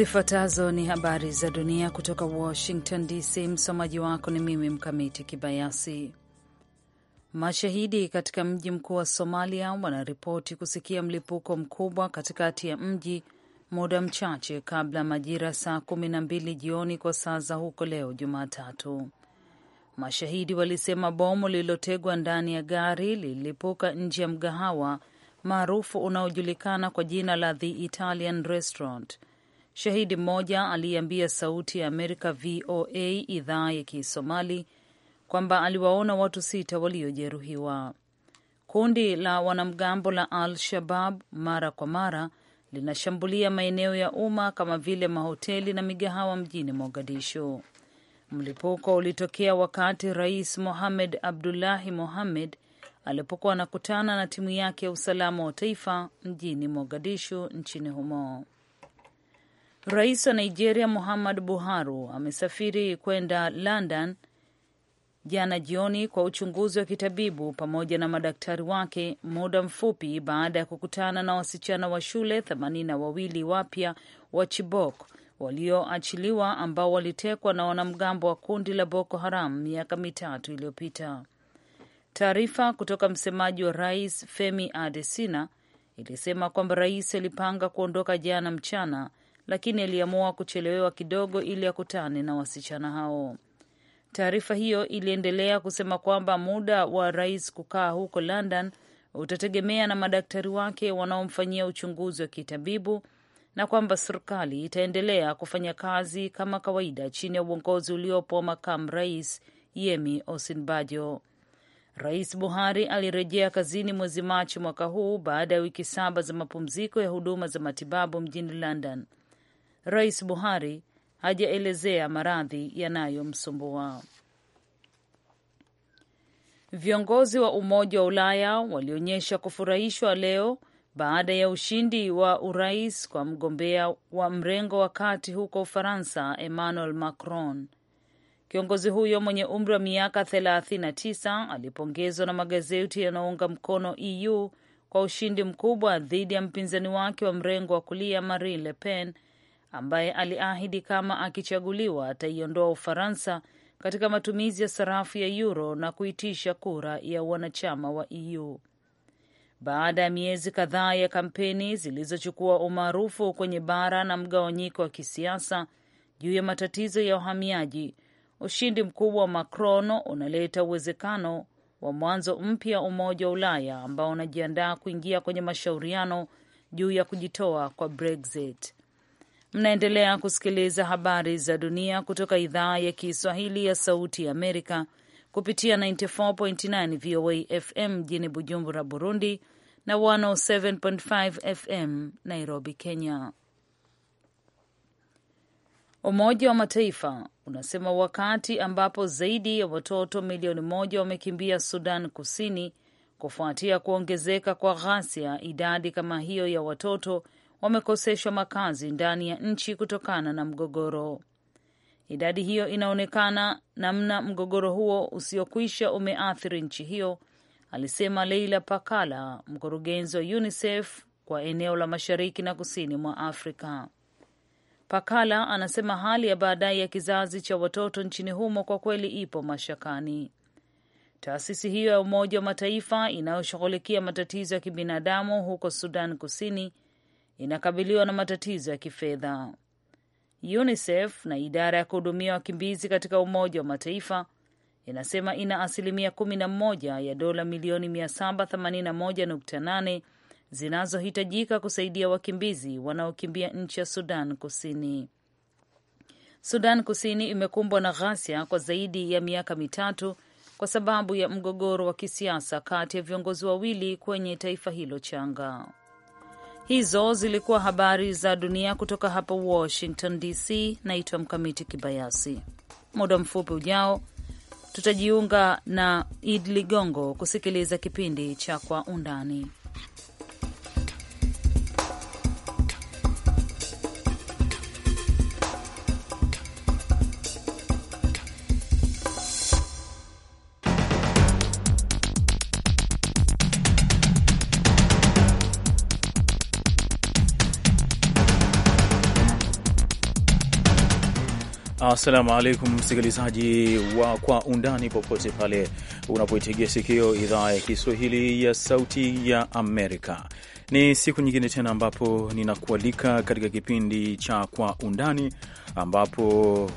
Zifuatazo ni habari za dunia kutoka Washington DC. Msomaji wako ni mimi Mkamiti Kibayasi. Mashahidi katika mji mkuu wa Somalia wanaripoti kusikia mlipuko mkubwa katikati ya mji muda mchache kabla majira saa kumi na mbili jioni kwa saa za huko leo Jumatatu. Mashahidi walisema bomu lililotegwa ndani ya gari lililipuka nje ya mgahawa maarufu unaojulikana kwa jina la The Italian Restaurant Shahidi mmoja aliyeambia Sauti ya Amerika VOA idhaa ya Kisomali kwamba aliwaona watu sita waliojeruhiwa. Kundi la wanamgambo la Al Shabab mara kwa mara linashambulia maeneo ya umma kama vile mahoteli na migahawa mjini Mogadishu. Mlipuko ulitokea wakati Rais Mohamed Abdullahi Mohamed alipokuwa anakutana na timu yake ya usalama wa taifa mjini Mogadishu nchini humo. Rais wa Nigeria Muhammad Buhari amesafiri kwenda London jana jioni kwa uchunguzi wa kitabibu pamoja na madaktari wake, muda mfupi baada ya kukutana na wasichana wa shule themanini na wawili wapya wa Chibok walioachiliwa ambao walitekwa na wanamgambo wa kundi la Boko Haram miaka mitatu iliyopita. Taarifa kutoka msemaji wa rais Femi Adesina ilisema kwamba rais alipanga kuondoka jana mchana lakini aliamua kuchelewewa kidogo ili akutane na wasichana hao. Taarifa hiyo iliendelea kusema kwamba muda wa rais kukaa huko London utategemea na madaktari wake wanaomfanyia uchunguzi wa kitabibu na kwamba serikali itaendelea kufanya kazi kama kawaida chini ya uongozi uliopo wa makamu rais Yemi Osinbajo. Rais Buhari alirejea kazini mwezi Machi mwaka huu baada ya wiki saba za mapumziko ya huduma za matibabu mjini London. Rais Buhari hajaelezea maradhi yanayomsumbua. Viongozi wa Umoja wa Ulaya walionyesha kufurahishwa leo baada ya ushindi wa urais kwa mgombea wa mrengo wa kati huko Ufaransa, Emmanuel Macron. Kiongozi huyo mwenye umri wa miaka 39 alipongezwa na magazeti yanaounga mkono EU kwa ushindi mkubwa dhidi ya mpinzani wake wa mrengo wa kulia Marine Le Pen ambaye aliahidi kama akichaguliwa ataiondoa Ufaransa katika matumizi ya sarafu ya euro na kuitisha kura ya wanachama wa EU. Baada ya miezi kadhaa ya kampeni zilizochukua umaarufu kwenye bara na mgawanyiko wa kisiasa juu ya matatizo ya uhamiaji, ushindi mkubwa wa Macron unaleta uwezekano wa mwanzo mpya Umoja wa Ulaya ambao unajiandaa kuingia kwenye mashauriano juu ya kujitoa kwa Brexit. Mnaendelea kusikiliza habari za dunia kutoka idhaa ya Kiswahili ya Sauti ya Amerika kupitia 94.9 VOA FM mjini Bujumbura, Burundi na 107.5 FM Nairobi, Kenya. Umoja wa Mataifa unasema wakati ambapo zaidi ya watoto milioni moja wamekimbia Sudan Kusini kufuatia kuongezeka kwa ghasia, idadi kama hiyo ya watoto wamekoseshwa makazi ndani ya nchi kutokana na mgogoro. Idadi hiyo inaonekana namna mgogoro huo usiokwisha umeathiri nchi hiyo, alisema Leila Pakala, mkurugenzi wa UNICEF kwa eneo la mashariki na kusini mwa Afrika. Pakala anasema hali ya baadaye ya kizazi cha watoto nchini humo kwa kweli ipo mashakani. Taasisi hiyo ya Umoja wa Mataifa inayoshughulikia matatizo ya kibinadamu huko Sudan Kusini inakabiliwa na matatizo ya kifedha. UNICEF na idara ya kuhudumia wakimbizi katika Umoja wa Mataifa inasema ina asilimia kumi na moja ya dola milioni 781.8 zinazohitajika kusaidia wakimbizi wanaokimbia nchi ya Sudan Kusini. Sudan Kusini imekumbwa na ghasia kwa zaidi ya miaka mitatu kwa sababu ya mgogoro wa kisiasa kati ya viongozi wawili kwenye taifa hilo changa. Hizo zilikuwa habari za dunia kutoka hapa Washington DC. Naitwa Mkamiti Kibayasi. Muda mfupi ujao tutajiunga na Id Ligongo kusikiliza kipindi cha Kwa Undani. Assalamu alaikum msikilizaji wa Kwa Undani, popote pale unapoitegea sikio idhaa ya Kiswahili ya Sauti ya Amerika. Ni siku nyingine tena ambapo ninakualika katika kipindi cha Kwa Undani, ambapo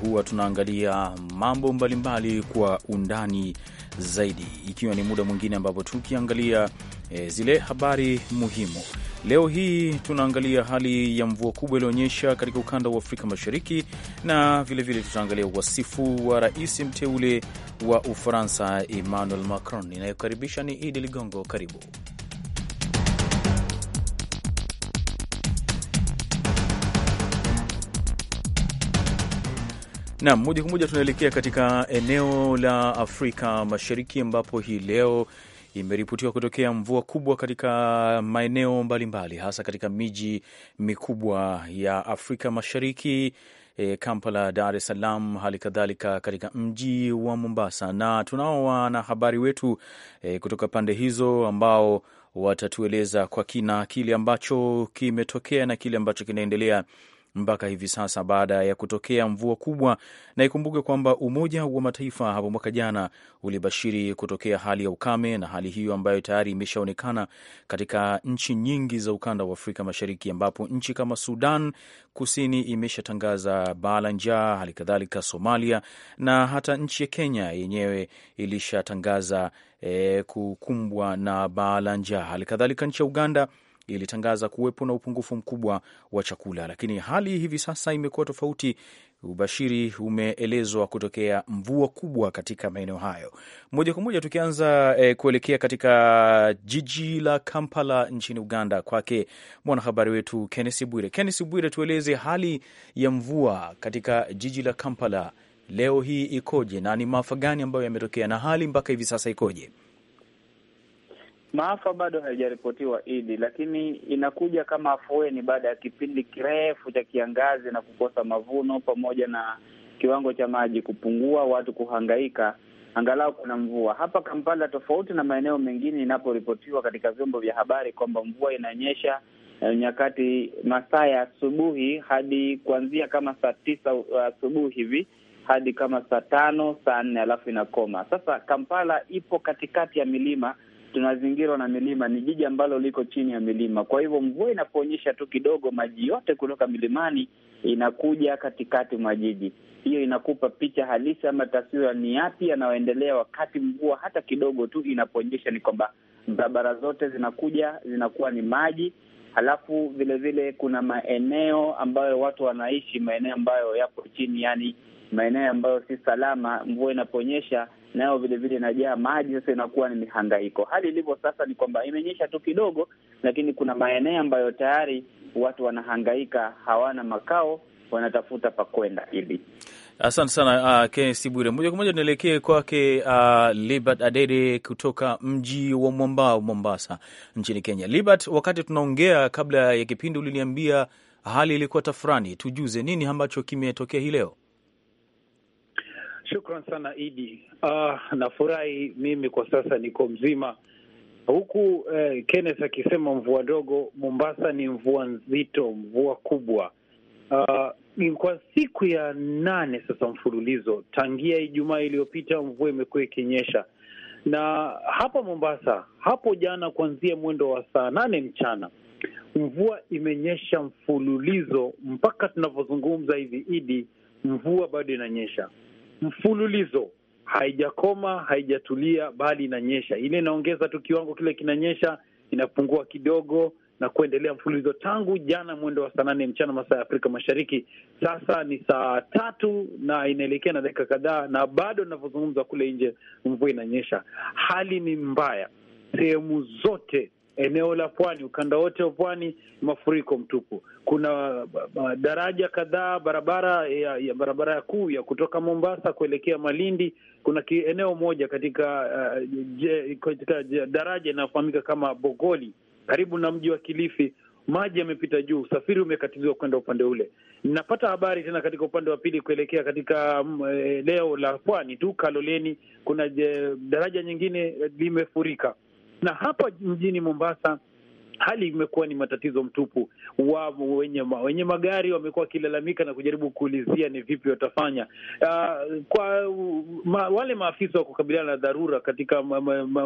huwa tunaangalia mambo mbalimbali kwa undani zaidi, ikiwa ni muda mwingine ambapo tukiangalia e, zile habari muhimu Leo hii tunaangalia hali ya mvua kubwa iliyoonyesha katika ukanda wa Afrika Mashariki, na vilevile tutaangalia wasifu wa rais mteule wa Ufaransa Emmanuel Macron. Inayokaribisha ni Idi Ligongo, karibu. Nam, moja kwa moja tunaelekea katika eneo la Afrika Mashariki ambapo hii leo imeripotiwa kutokea mvua kubwa katika maeneo mbalimbali, hasa katika miji mikubwa ya Afrika Mashariki, e, Kampala, Dar es Salaam, hali kadhalika katika mji wa Mombasa, na tunao wanahabari wetu e, kutoka pande hizo ambao watatueleza kwa kina kile ambacho kimetokea na kile ambacho kinaendelea mpaka hivi sasa baada ya kutokea mvua kubwa. Na ikumbuke kwamba Umoja wa Mataifa hapo mwaka jana ulibashiri kutokea hali ya ukame, na hali hiyo ambayo tayari imeshaonekana katika nchi nyingi za ukanda wa Afrika Mashariki, ambapo nchi kama Sudan Kusini imeshatangaza baa la njaa, hali kadhalika Somalia na hata nchi ya Kenya yenyewe ilishatangaza E, kukumbwa na baa la njaa. Hali kadhalika nchi ya Uganda ilitangaza kuwepo na upungufu mkubwa wa chakula, lakini hali hivi sasa imekuwa tofauti. Ubashiri umeelezwa kutokea mvua kubwa katika maeneo hayo. Moja kwa moja tukianza e, kuelekea katika jiji la Kampala nchini Uganda, kwake mwanahabari wetu Kennesi Bwire. Kennesi Bwire, tueleze hali ya mvua katika jiji la Kampala leo hii ikoje, na ni maafa gani ambayo yametokea, na hali mpaka hivi sasa ikoje? Maafa bado hayajaripotiwa Idi, lakini inakuja kama afueni baada ya kipindi kirefu cha kiangazi na kukosa mavuno, pamoja na kiwango cha maji kupungua, watu kuhangaika. Angalau kuna mvua hapa Kampala, tofauti na maeneo mengine inaporipotiwa katika vyombo vya habari kwamba mvua inanyesha eh, nyakati masaa ya asubuhi hadi kuanzia kama saa tisa uh, asubuhi uh, hivi hadi kama saa tano saa nne alafu inakoma. Sasa Kampala ipo katikati ya milima tunazingirwa na milima, ni jiji ambalo liko chini ya milima. Kwa hivyo mvua inaponyesha tu kidogo, maji yote kutoka milimani inakuja katikati mwa jiji. Hiyo inakupa picha halisi ama taswira ni yapi yanayoendelea wakati mvua hata kidogo tu inaponyesha, ni kwamba barabara zote zinakuja zinakuwa ni maji. Halafu vilevile vile kuna maeneo ambayo watu wanaishi, maeneo ambayo yapo chini, yani maeneo ambayo si salama, mvua inaponyesha nayo vilevile inajaa maji, sasa inakuwa ni mihangaiko. Hali ilivyo sasa ni kwamba imenyesha tu kidogo, lakini kuna maeneo ambayo tayari watu wanahangaika, hawana makao, wanatafuta pa kwenda hivi. Asante sana uh, Kenesi Bwire. Moja kwa moja nielekee kwake uh, Libert Adede kutoka mji wa mwambao Mombasa nchini Kenya. Libert, wakati tunaongea kabla ya kipindi uliniambia hali ilikuwa tafurani, tujuze nini ambacho kimetokea hii leo? Shukran sana Idi. Ah, nafurahi mimi kwa sasa niko mzima huku eh, Kenneth akisema mvua ndogo. Mombasa ni mvua nzito, mvua kubwa. Ah, kwa siku ya nane sasa mfululizo tangia Ijumaa iliyopita mvua imekuwa ikinyesha, na hapa Mombasa hapo jana kuanzia mwendo wa saa nane mchana mvua imenyesha mfululizo mpaka tunavyozungumza hivi Idi, mvua bado inanyesha mfululizo, haijakoma haijatulia, bali inanyesha. Ile inaongeza tu kiwango kile kinanyesha, inapungua kidogo na kuendelea mfululizo tangu jana mwendo wa saa nane mchana masaa ya Afrika Mashariki. Sasa ni saa tatu na inaelekea na dakika kadhaa, na bado inavyozungumza kule nje mvua inanyesha. Hali ni mbaya sehemu zote eneo la pwani, ukanda wote wa pwani mafuriko mtupu. Kuna daraja kadhaa, barabara ya, ya barabara kuu ya kutoka Mombasa kuelekea Malindi. Kuna eneo moja katika, uh, je, katika je, daraja inayofahamika kama Bogoli karibu na mji wa Kilifi, maji yamepita juu, usafiri umekatiziwa kwenda upande ule. Ninapata habari tena katika upande wa pili kuelekea katika mm, eh, eneo la pwani tu Kaloleni, kuna je, daraja nyingine limefurika na hapa mjini Mombasa hali imekuwa ni matatizo mtupu. Wa wenye, wenye magari wamekuwa wakilalamika na kujaribu kuulizia ni vipi watafanya. Uh, kwa ma, wale maafisa wa kukabiliana na dharura katika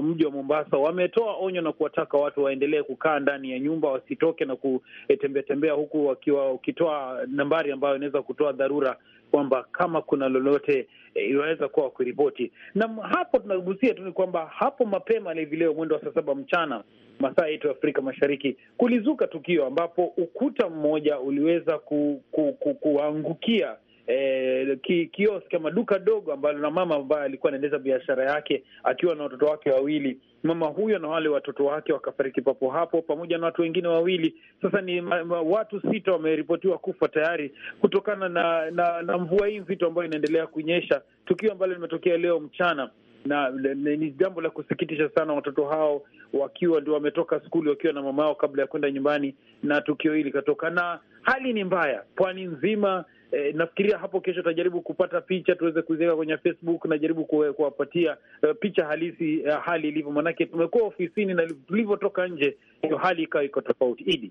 mji wa Mombasa wametoa onyo na kuwataka watu waendelee kukaa ndani ya nyumba, wasitoke na kutembea eh, tembea, huku wakiwa wakitoa nambari ambayo inaweza kutoa dharura kwamba kama kuna lolote inaweza eh, iwaweza kuwa wakuripoti Na hapo tunagusia tu ni kwamba hapo mapema hivi leo mwendo wa saa saba mchana masaa yetu Afrika Mashariki kulizuka tukio ambapo ukuta mmoja uliweza ku, ku, ku, kuangukia eh, ki, kiosk ama duka dogo ambalo na mama ambaye alikuwa anaendeza biashara yake akiwa na watoto wake wawili. Mama huyo na wale watoto wake wakafariki papo hapo pamoja na watu wengine wawili. Sasa ni ma, ma, watu sita wameripotiwa kufa tayari kutokana na, na, na mvua hii nzito ambayo inaendelea kunyesha, tukio ambalo limetokea leo mchana na ni jambo la kusikitisha sana. Watoto hao wakiwa ndio wametoka skuli wakiwa na mama yao kabla ya kwenda nyumbani, na tukio hili likatoka, na hali ni mbaya pwani nzima E, nafikiria hapo kesho tutajaribu kupata picha tuweze kuziweka kwenye Facebook. Najaribu kuwapatia uh, picha halisi uh, hali ilivyo, maanake tumekuwa ofisini na tulivyotoka nje ndio hali ikawa iko tofauti. Idi,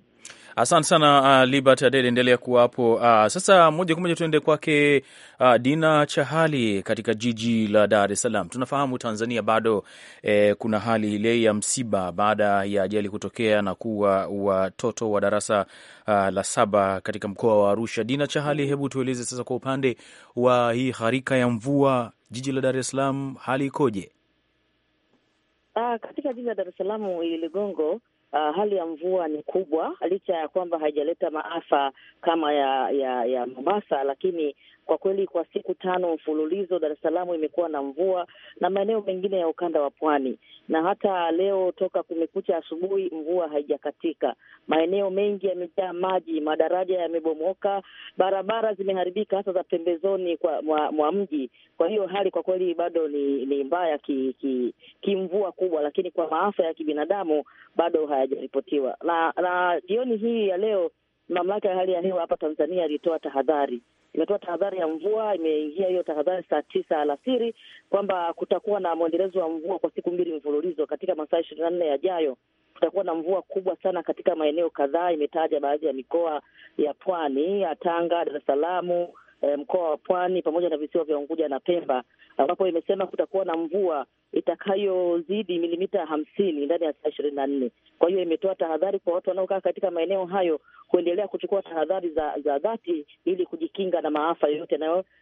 asante sana uh, Libert Adede, endelea kuwa hapo. Uh, sasa moja kwa moja tuende kwake uh, Dina Chahali katika jiji la Dar es Salaam. Tunafahamu Tanzania bado eh, kuna hali ile ya msiba baada ya ajali kutokea na kuwa watoto wa darasa uh, la saba katika mkoa wa Arusha. Dina Chahali, hebu tueleze sasa kwa upande wa hii harika ya mvua, jiji la Dar es Salaam hali ikoje? Uh, katika jiji la Dar es Salaam, Ligongo Uh, hali ya mvua ni kubwa licha ya kwamba haijaleta maafa kama ya ya ya Mombasa, lakini kwa kweli, kwa siku tano mfululizo Dar es Salaam imekuwa na mvua na maeneo mengine ya ukanda wa pwani, na hata leo toka kumekucha asubuhi mvua haijakatika. Maeneo mengi yamejaa maji, madaraja yamebomoka, barabara zimeharibika, hasa za pembezoni kwa, mwa, mwa mji. Kwa hiyo hali kwa kweli bado ni, ni mbaya kimvua ki, ki kubwa, lakini kwa maafa ya kibinadamu bado hayajaripotiwa. Na, na jioni hii ya leo mamlaka ya hali ya hewa hapa Tanzania ilitoa tahadhari imetoa tahadhari ya mvua, imeingia hiyo tahadhari saa tisa alasiri kwamba kutakuwa na mwendelezo wa mvua kwa siku mbili mfululizo katika masaa ishirini na nne yajayo kutakuwa na mvua kubwa sana katika maeneo kadhaa. Imetaja baadhi ya mikoa ya pwani ya Tanga, Dar es Salaam, eh, mkoa wa Pwani pamoja na visiwa vya Unguja na Pemba, ambapo imesema kutakuwa na mvua itakayozidi milimita hamsini ndani ya saa ishirini na nne. Kwa hiyo imetoa tahadhari kwa watu wanaokaa katika maeneo hayo kuendelea kuchukua tahadhari za za dhati ili kujikinga na maafa yoyote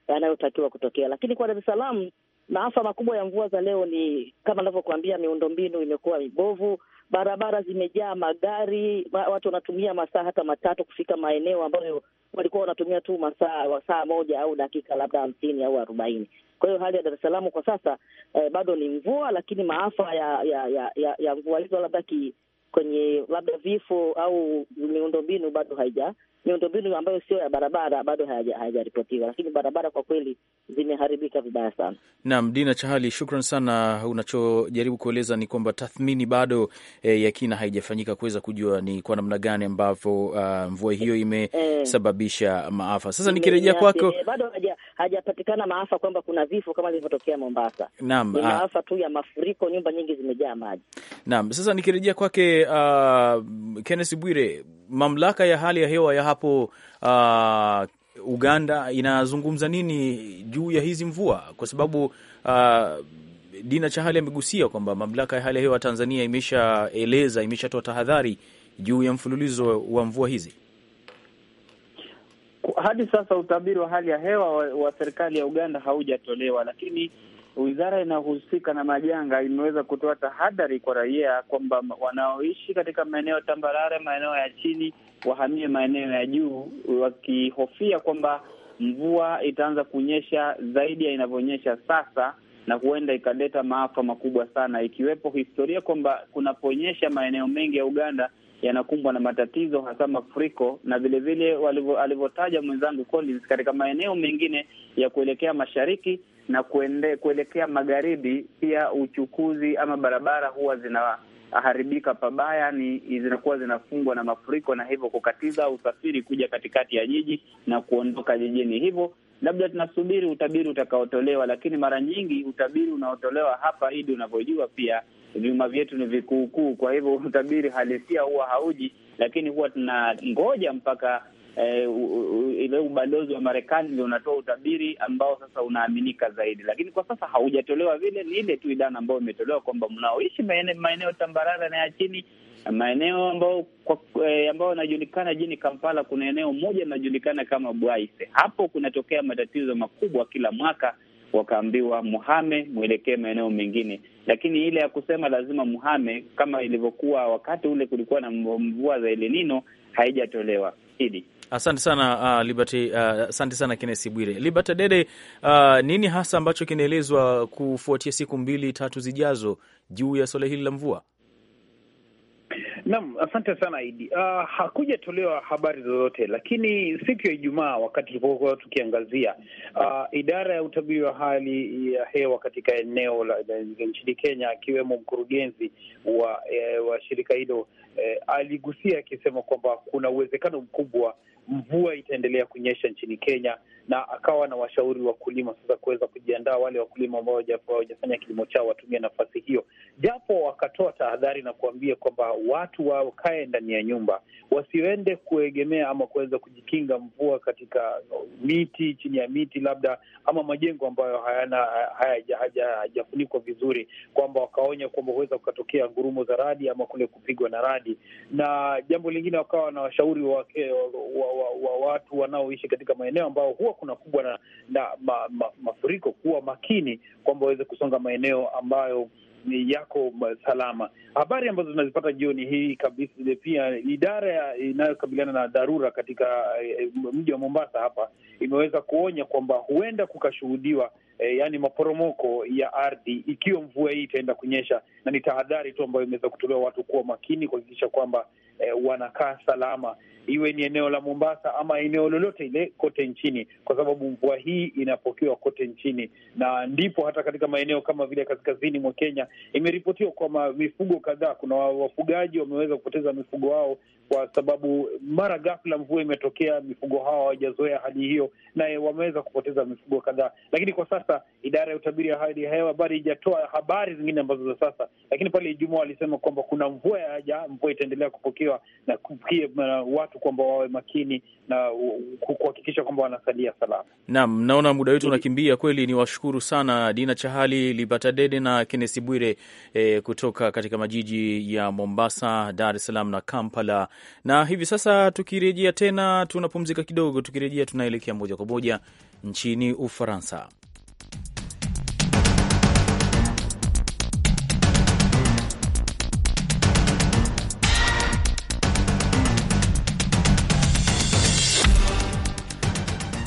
yanayotakiwa kutokea. Lakini kwa Dar es Salaam maafa makubwa ya mvua za leo ni kama anavyokuambia, miundombinu imekuwa mibovu, barabara zimejaa magari, watu wanatumia masaa hata matatu kufika maeneo ambayo walikuwa wanatumia tu masaa saa moja au dakika labda hamsini au arobaini. Kwa hiyo hali ya Dar es Salaam kwa sasa eh, bado ni mvua, lakini maafa ya ya ya, ya, ya mvua hizo labda ki, kwenye labda vifo au miundombinu bado haija miundombinu ambayo sio ya barabara bado hayajaripotiwa, lakini barabara kwa kweli zimeharibika vibaya sana. Naam, Dina Chahali, shukran sana. Unachojaribu kueleza ni kwamba tathmini bado e, ya kina haijafanyika kuweza kujua ni kwa namna gani ambavyo uh, mvua hiyo eh, imesababisha maafa. Sasa nikirejea kwako, eh, bado hajapatikana maafa kwamba kuna vifo kama vilivyotokea Mombasa. Naam, ni ah. maafa tu ya mafuriko, nyumba nyingi zimejaa maji. Naam, sasa nikirejea kwake uh, Kenneth Bwire, mamlaka ya hali ya hewa ya hapo uh, Uganda inazungumza nini juu ya hizi mvua? Kwa sababu uh, Dina Chahali amegusia kwamba mamlaka ya hali ya hewa Tanzania imeshaeleza, imeshatoa tahadhari juu ya mfululizo wa mvua hizi. Hadi sasa utabiri wa hali ya hewa wa, wa serikali ya Uganda haujatolewa, lakini wizara inayohusika na majanga imeweza kutoa tahadhari kwa raia kwamba wanaoishi katika maeneo tambarare, maeneo ya chini, wahamie maeneo ya juu, wakihofia kwamba mvua itaanza kunyesha zaidi ya inavyonyesha sasa na huenda ikaleta maafa makubwa sana, ikiwepo historia kwamba kunaponyesha maeneo mengi ya Uganda yanakumbwa na matatizo, hasa mafuriko na vilevile alivyotaja mwenzangu Collins, katika maeneo mengine ya kuelekea mashariki na kuende, kuelekea magharibi pia uchukuzi ama barabara huwa zinaharibika pabaya, ni zinakuwa zinafungwa na mafuriko, na hivyo kukatiza usafiri kuja katikati ya jiji na kuondoka jijini. Hivyo labda tunasubiri utabiri utakaotolewa, lakini mara nyingi utabiri unaotolewa hapa, Idi, unavyojua pia vyuma vyetu ni vikuukuu, kwa hivyo utabiri halisia huwa hauji, lakini huwa tuna ngoja mpaka eh, ile ubalozi wa Marekani ndio unatoa utabiri ambao sasa unaaminika zaidi, lakini kwa sasa haujatolewa vile. Ni ile tu idana ambayo imetolewa kwamba mnaoishi maeneo tambarara na ya chini maeneo ambayo eh, ambao yanajulikana jini Kampala, kuna eneo moja linajulikana kama Bwaise. Hapo kunatokea matatizo makubwa kila mwaka, wakaambiwa muhame, mwelekee maeneo mengine lakini ile ya kusema lazima muhame kama ilivyokuwa wakati ule kulikuwa na mvua za elenino haijatolewa. Hili asante sana uh, Liberty. Uh, asante sana Kennesi Bwire. Liberty Dede, uh, nini hasa ambacho kinaelezwa kufuatia siku mbili tatu zijazo juu ya swala hili la mvua? Naam, asante sana Idi. Uh, hakujatolewa habari zozote, lakini siku ya Ijumaa wakati tulipokuwa tukiangazia uh, idara ya utabiri wa hali ya hewa katika eneo la, la, la nchini Kenya, akiwemo mkurugenzi wa, eh, wa shirika hilo eh, aligusia akisema kwamba kuna uwezekano mkubwa mvua itaendelea kunyesha nchini Kenya, na akawa na washauri wakulima sasa kuweza kujiandaa. Wale wakulima ambao hawajafanya kilimo chao watumie nafasi hiyo, japo wakatoa tahadhari na kuambia kwamba watu wakae ndani ya nyumba, wasiende kuegemea ama kuweza kujikinga mvua katika miti, chini ya miti labda, ama majengo ambayo hayana hayajafunikwa vizuri, kwamba wakaonya kwamba huweza kukatokea ngurumo za radi ama kule kupigwa na radi. Na jambo lingine wakawa na washauri wa, wa, wa wa, wa watu wanaoishi katika maeneo ambao huwa kuna kubwa na, na ma, ma, mafuriko kuwa makini kwamba waweze kusonga maeneo ambayo yako salama. Habari ambazo zinazipata jioni hii kabisa, eh, pia idara inayokabiliana na dharura katika eh, eh, mji wa Mombasa hapa imeweza kuonya kwamba huenda kukashuhudiwa e, eh, yani maporomoko ya ardhi ikiwa mvua hii itaenda kunyesha, na ni tahadhari tu ambayo imeweza kutolewa watu kuwa makini kuhakikisha kwamba e, wanakaa salama, iwe ni eneo la Mombasa ama eneo lolote ile kote nchini, kwa sababu mvua hii inapokewa kote nchini, na ndipo hata katika maeneo kama vile kaskazini mwa Kenya imeripotiwa kwamba mifugo kadhaa, kuna wafugaji wameweza kupoteza mifugo wao kwa sababu mara ghafla mvua imetokea, mifugo hawa hawajazoea hali hiyo, naye wameweza kupoteza mifugo kadhaa. Lakini kwa sasa idara ya utabiri ya hali ya hewa bado haijatoa habari zingine ambazo za sasa, lakini pale Ijumaa walisema kwamba kuna mvua yaja, mvua itaendelea kupokewa na kupikia uh, watu kwamba wawe makini na uh, kuhakikisha kwamba wanasalia salama. Naam, naona muda wetu unakimbia kweli. Ni washukuru sana Dina Chahali, Dede na Kennesi Bwire eh, kutoka katika majiji ya Mombasa, Dar es Salaam na Kampala. Na hivi sasa tukirejea tena, tunapumzika kidogo, tukirejea tunaelekea moja kwa moja nchini Ufaransa.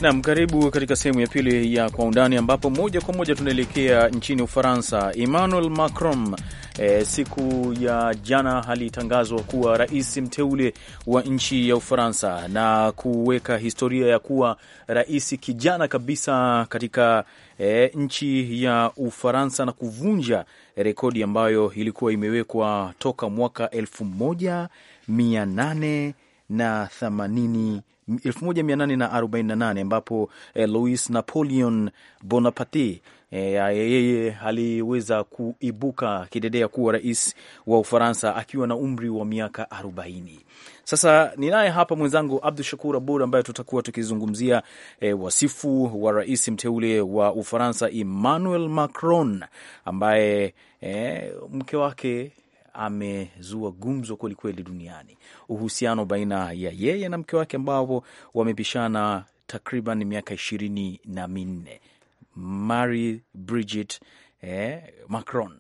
Nam, karibu katika sehemu ya pili ya Kwa Undani, ambapo moja kwa moja tunaelekea nchini Ufaransa. Emmanuel Macron e, siku ya jana alitangazwa kuwa rais mteule wa nchi ya Ufaransa na kuweka historia ya kuwa rais kijana kabisa katika e, nchi ya Ufaransa na kuvunja rekodi ambayo ilikuwa imewekwa toka mwaka elfu moja mia nane na themanini 1848 ambapo eh, Louis Napoleon Bonaparte eh, yeye e, aliweza kuibuka kidedea kuwa rais wa Ufaransa akiwa na umri wa miaka 40. Sasa ninaye hapa mwenzangu Abdu Shakur Abud ambaye tutakuwa tukizungumzia e, wasifu wa rais mteule wa Ufaransa Emmanuel Macron ambaye e, mke wake amezua gumzo kwelikweli duniani, uhusiano baina ya yeye na mke wake ambao wamepishana takriban miaka ishirini na minne Mary Bridget eh, Macron.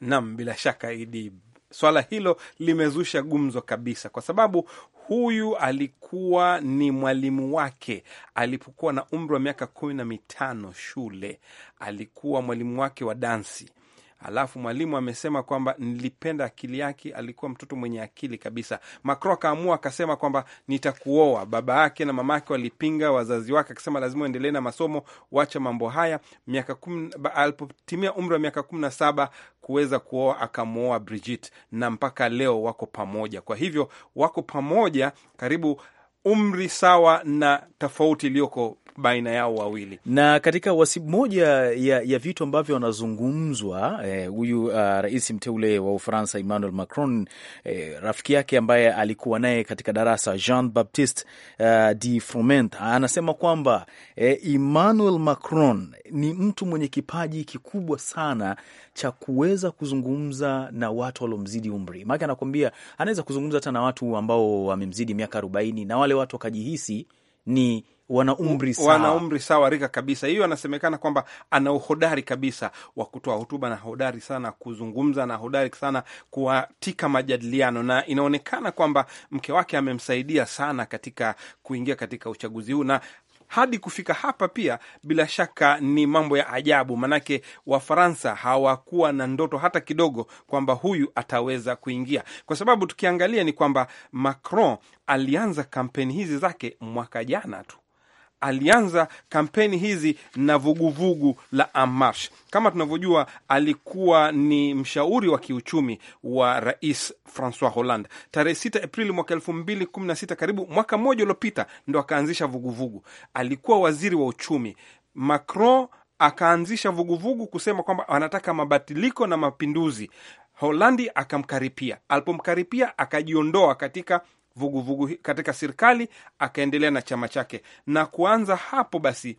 Nam, bila shaka idi swala hilo limezusha gumzo kabisa, kwa sababu huyu alikuwa ni mwalimu wake alipokuwa na umri wa miaka kumi na mitano shule. Alikuwa mwalimu wake wa dansi Alafu mwalimu amesema kwamba nilipenda akili yake, alikuwa mtoto mwenye akili kabisa. Macron akaamua akasema kwamba nitakuoa. Baba yake na mama yake walipinga, wazazi wake akasema lazima uendelee na masomo, wacha mambo haya. Miaka kumi alipotimia umri wa miaka kumi na saba kuweza kuoa, akamwoa Brigitte na mpaka leo wako pamoja. Kwa hivyo wako pamoja karibu umri sawa na tofauti iliyoko baina yao wawili. Na katika wasi moja ya, ya vitu ambavyo wanazungumzwa eh, huyu eh, uh, rais mteule wa Ufaransa Emmanuel Macron eh, rafiki yake ambaye alikuwa naye katika darasa Jean Baptiste uh, de Froment anasema kwamba eh, Emmanuel Macron ni mtu mwenye kipaji kikubwa sana cha kuweza kuzungumza na watu waliomzidi umri. Maake anakuambia anaweza kuzungumza hata na watu ambao wamemzidi miaka arobaini na wale watu wakajihisi ni wana umri sawa, wana umri sawa, rika kabisa hiyo. Anasemekana kwamba ana uhodari kabisa wa kutoa hotuba na hodari sana kuzungumza na hodari sana kuatika majadiliano, na inaonekana kwamba mke wake amemsaidia sana katika kuingia katika uchaguzi huu na hadi kufika hapa pia bila shaka ni mambo ya ajabu, manake Wafaransa hawakuwa na ndoto hata kidogo kwamba huyu ataweza kuingia, kwa sababu tukiangalia ni kwamba Macron alianza kampeni hizi zake mwaka jana tu alianza kampeni hizi na vuguvugu vugu la Amash. Kama tunavyojua, alikuwa ni mshauri wa kiuchumi wa Rais Francois Hollande. Tarehe sita Aprili mwaka elfu mbili kumi na sita karibu mwaka mmoja uliopita, ndo akaanzisha vuguvugu. Alikuwa waziri wa uchumi Macron akaanzisha vuguvugu kusema kwamba anataka mabadiliko na mapinduzi. Holandi akamkaripia. Alipomkaripia akajiondoa katika vuguvugu vugu katika serikali, akaendelea na chama chake na kuanza hapo basi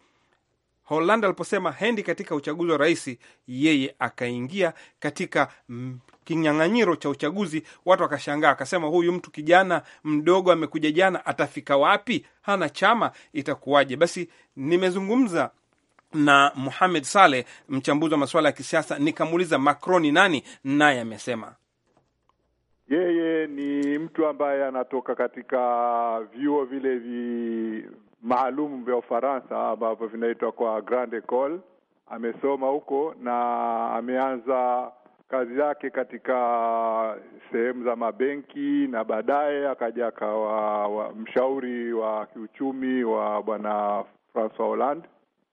Holand aliposema hendi katika uchaguzi wa rais, yeye akaingia katika mm, kinyang'anyiro cha uchaguzi. Watu wakashangaa, akasema huyu mtu kijana mdogo amekuja jana, atafika wapi? Hana chama, itakuwaje? Basi nimezungumza na Muhamed Saleh, mchambuzi wa masuala ya kisiasa, nikamuuliza Macron ni nani, naye amesema yeye ni mtu ambaye anatoka katika vyuo vile vi maalum vya Ufaransa ambavyo vinaitwa kwa Grand Ecole. Amesoma huko na ameanza kazi yake katika sehemu za mabenki na baadaye akaja akawa mshauri wa kiuchumi wa bwana Francois Hollande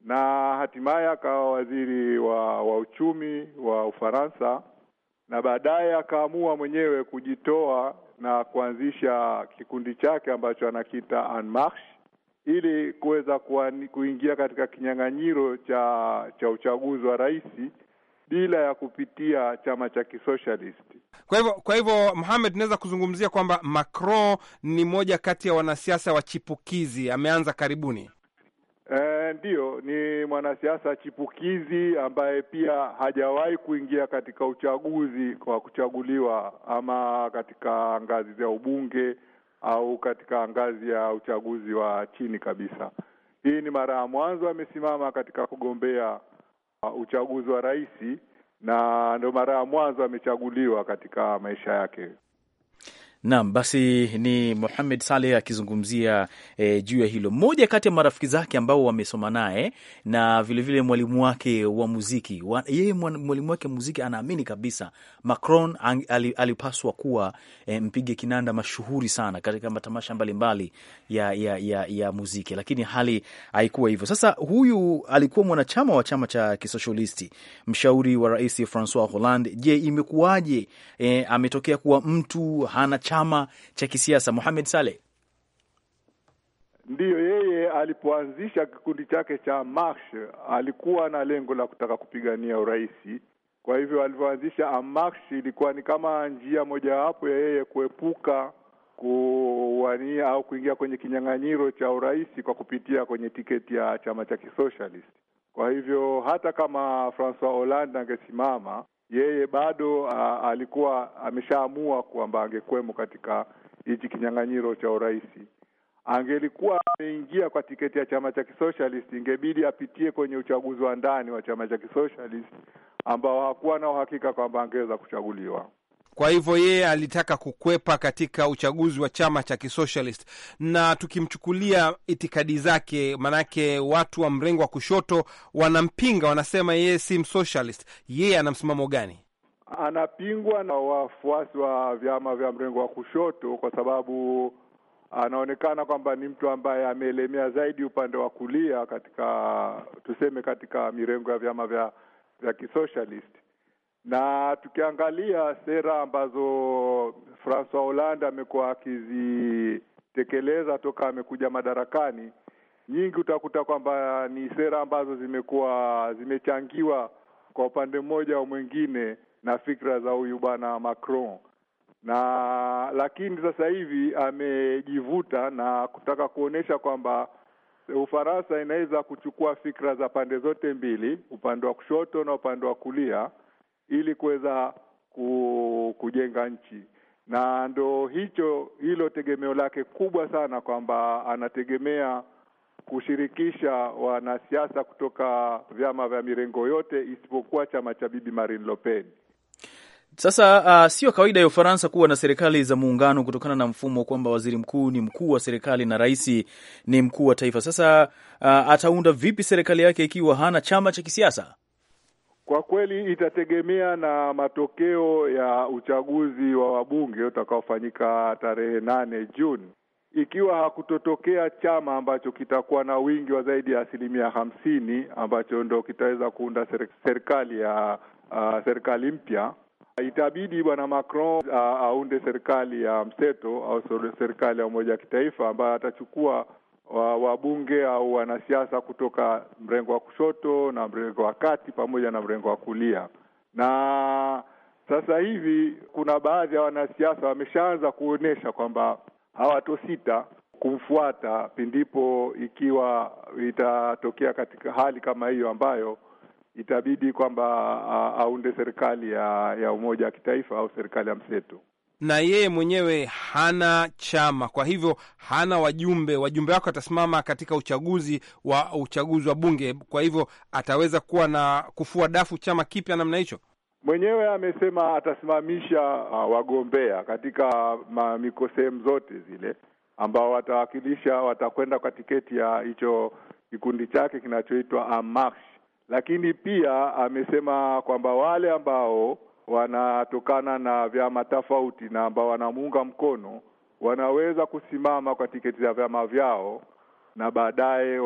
na hatimaye akawa waziri wa, wa uchumi wa Ufaransa na baadaye akaamua mwenyewe kujitoa na kuanzisha kikundi chake ambacho anakita En Marche ili kuweza kuingia katika kinyang'anyiro cha cha uchaguzi wa rais bila ya kupitia chama cha kisosialisti. Kwa hivyo kwa hivyo, Mohamed, kuzungumzia kwamba Macron ni moja kati ya wanasiasa wachipukizi, ameanza karibuni ndio ni mwanasiasa chipukizi ambaye pia hajawahi kuingia katika uchaguzi kwa kuchaguliwa ama katika ngazi za ubunge au katika ngazi ya uchaguzi wa chini kabisa. Hii ni mara ya mwanzo amesimama katika kugombea uh, uchaguzi wa rais na ndio mara ya mwanzo amechaguliwa katika maisha yake. Naam, basi ni Muhamed Saleh akizungumzia e, juu ya hilo. Mmoja kati ya marafiki zake ambao wamesoma naye na vilevile mwalimu wake wa muziki wa, yeye mwalimu wake muziki anaamini kabisa Macron alipaswa kuwa e, mpige kinanda mashuhuri sana katika matamasha mbalimbali mbali ya, ya, ya, ya muziki, lakini hali haikuwa hivyo. Sasa huyu alikuwa mwanachama wa chama cha kisoshalisti, mshauri wa rais Francois Hollande. Je, imekuwaje e, ametokea kuwa mtu hana chama cha kisiasa Mohamed Saleh? Ndiyo, yeye alipoanzisha kikundi chake cha March alikuwa na lengo la kutaka kupigania urais. Kwa hivyo alivyoanzisha Amarsh ilikuwa ni kama njia mojawapo ya yeye kuepuka kuwania au kuingia kwenye kinyang'anyiro cha urais kwa kupitia kwenye tiketi ya chama cha kisocialist. Kwa hivyo hata kama Francois Hollande angesimama yeye bado a, alikuwa ameshaamua kwamba angekwemo katika hichi kinyang'anyiro cha urais. Angelikuwa ameingia kwa tiketi ya chama cha kisocialist, ingebidi apitie kwenye uchaguzi wa ndani wa chama cha kisocialist ambao hakuwa na uhakika kwamba angeweza kuchaguliwa. Kwa hivyo yeye alitaka kukwepa katika uchaguzi wa chama cha kisocialist, na tukimchukulia itikadi zake, maanake watu wa mrengo wa kushoto wanampinga, wanasema yeye si msocialist. Yeye ana msimamo gani? Anapingwa na wafuasi wa vyama vya mrengo wa kushoto kwa sababu anaonekana kwamba ni mtu ambaye ameelemea zaidi upande wa kulia katika tuseme, katika mirengo ya vyama vya vya kisocialist na tukiangalia sera ambazo Francois Hollande amekuwa akizitekeleza toka amekuja madarakani, nyingi utakuta kwamba ni sera ambazo zimekuwa zimechangiwa kwa upande mmoja au mwingine na fikra za huyu bwana Macron na lakini sasa hivi amejivuta na kutaka kuonyesha kwamba Ufaransa inaweza kuchukua fikra za pande zote mbili, upande wa kushoto na upande wa kulia, ili kuweza kujenga nchi, na ndo hicho hilo tegemeo lake kubwa sana, kwamba anategemea kushirikisha wanasiasa kutoka vyama vya mirengo yote isipokuwa chama cha Bibi Marine Le Pen. Sasa uh, sio kawaida ya Ufaransa kuwa na serikali za muungano kutokana na mfumo kwamba waziri mkuu ni mkuu wa serikali na rais ni mkuu wa taifa. Sasa uh, ataunda vipi serikali yake ikiwa hana chama cha kisiasa? Kwa kweli itategemea na matokeo ya uchaguzi wa wabunge utakaofanyika tarehe nane Juni. Ikiwa hakutotokea chama ambacho kitakuwa na wingi wa zaidi ya asilimia hamsini ambacho ndo kitaweza kuunda serikali ya uh, serikali mpya, itabidi bwana Macron uh, aunde serikali ya mseto au serikali ya umoja wa kitaifa ambayo atachukua wabunge au wanasiasa kutoka mrengo wa kushoto na mrengo wa kati pamoja na mrengo wa kulia. Na sasa hivi kuna baadhi ya wanasiasa wameshaanza kuonyesha kwamba hawatosita kumfuata pindipo ikiwa itatokea katika hali kama hiyo ambayo itabidi kwamba aunde serikali ya, ya umoja wa kitaifa au serikali ya mseto na yeye mwenyewe hana chama, kwa hivyo hana wajumbe. Wajumbe wake watasimama katika uchaguzi wa uchaguzi wa bunge, kwa hivyo ataweza kuwa na kufua dafu chama kipya namna hicho. Mwenyewe amesema atasimamisha ah, wagombea katika mamiko sehemu zote zile ambao watawakilisha, watakwenda kwa tiketi ya hicho kikundi chake kinachoitwa Amarsh, lakini pia amesema kwamba wale ambao wanatokana na vyama tofauti na ambao wanamuunga mkono wanaweza kusimama kwa tiketi za vyama vyao na baadaye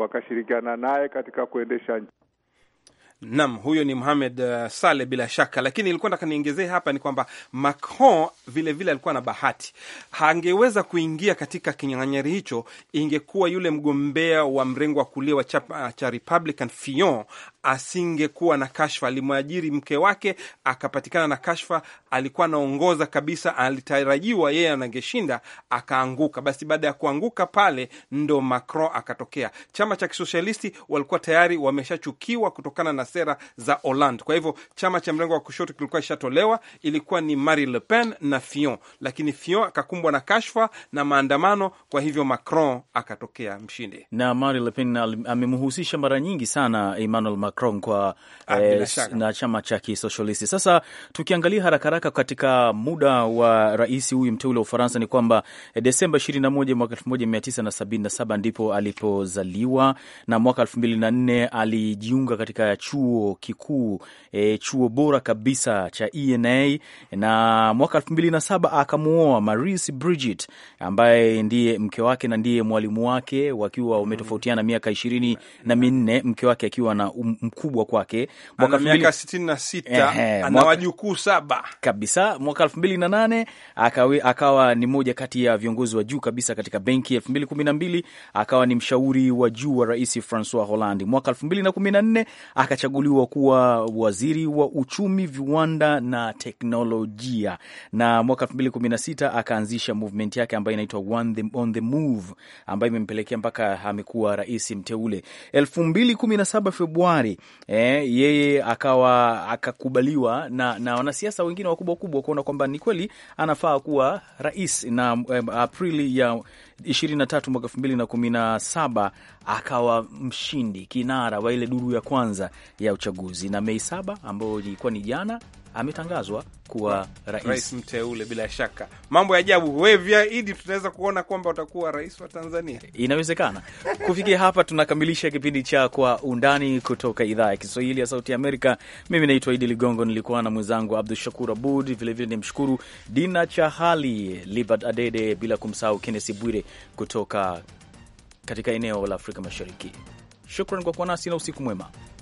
wakashirikiana waka naye katika kuendesha nchi. Nam, huyo ni Mohamed uh, Saleh bila shaka, lakini ilikuwa nataka niongezee hapa ni kwamba Macron vilevile vile alikuwa na bahati, hangeweza kuingia katika kinyang'anyari hicho, ingekuwa yule mgombea wa mrengo wa kulia wa chama uh, cha Republican Fillon asingekuwa na kashfa. Alimwajiri mke wake, akapatikana na kashfa, alikuwa anaongoza kabisa, alitarajiwa yeye anangeshinda, akaanguka. Basi baada ya kuanguka pale ndo Macron akatokea. Chama cha kisosialisti walikuwa tayari wameshachukiwa kutokana na sera za Hollande. Kwa hivyo chama cha mrengo wa kushoto kilikuwa ishatolewa, ilikuwa ni Marie Le Pen na Fillon, lakini Fillon akakumbwa na kashfa na maandamano, kwa hivyo Macron akatokea mshindi. Na Marie Le Pen amemhusisha mara nyingi sana Emmanuel Macron kwa ah, eh, na chama cha kisosialisti. Sasa tukiangalia haraka haraka katika muda wa rais huyu mteule wa Ufaransa ni kwamba eh, Desemba 21 mwaka 1977 ndipo alipozaliwa na mwaka 2004 alijiunga katika chuo chuo kikuu e, chuo bora kabisa cha ENA, na mwaka elfu mbili na saba akamuoa Maris Bridget ambaye ndiye mke wake na ndiye mwalimu wake, wakiwa wametofautiana miaka ishirini na minne, mke wake akiwa na um, mkubwa kwake mwaka miaka 66 ana wajukuu saba kabisa. Mwaka 2008 akawa, akawa ni moja kati ya viongozi wa juu kabisa katika benki. Elfu mbili kumi na mbili akawa ni mshauri wa juu wa Rais Francois Hollande. Mwaka elfu mbili na na kumi nne aka amechaguliwa kuwa waziri wa uchumi, viwanda na teknolojia, na mwaka elfu mbili kumi na sita akaanzisha movement yake ambayo inaitwa on the move, ambayo imempelekea mpaka amekuwa rais mteule. elfu mbili kumi na saba Februari eh, yeye akawa akakubaliwa na, na wanasiasa wengine wakubwa wakubwa kuona kwamba ni kweli anafaa kuwa rais na eh, Aprili ya 23 mwaka 2017 akawa mshindi kinara wa ile duru ya kwanza ya uchaguzi, na Mei saba ambayo ilikuwa ni jana ametangazwa kuwa rais, rais mteule. Bila shaka mambo ya ajabu wevya idi, tunaweza kuona kwamba utakuwa rais wa Tanzania, inawezekana. Kufikia hapa tunakamilisha kipindi cha Kwa Undani kutoka idhaa ya Kiswahili ya Sauti ya Amerika. Mimi naitwa Idi Ligongo, nilikuwa na mwenzangu Abdu Shakur Abud, vilevile ni mshukuru Dina Chahali, Libert Adede, bila kumsahau Kennesi Bwire kutoka katika eneo la Afrika Mashariki. Shukran kwa kuwa nasi na usiku mwema.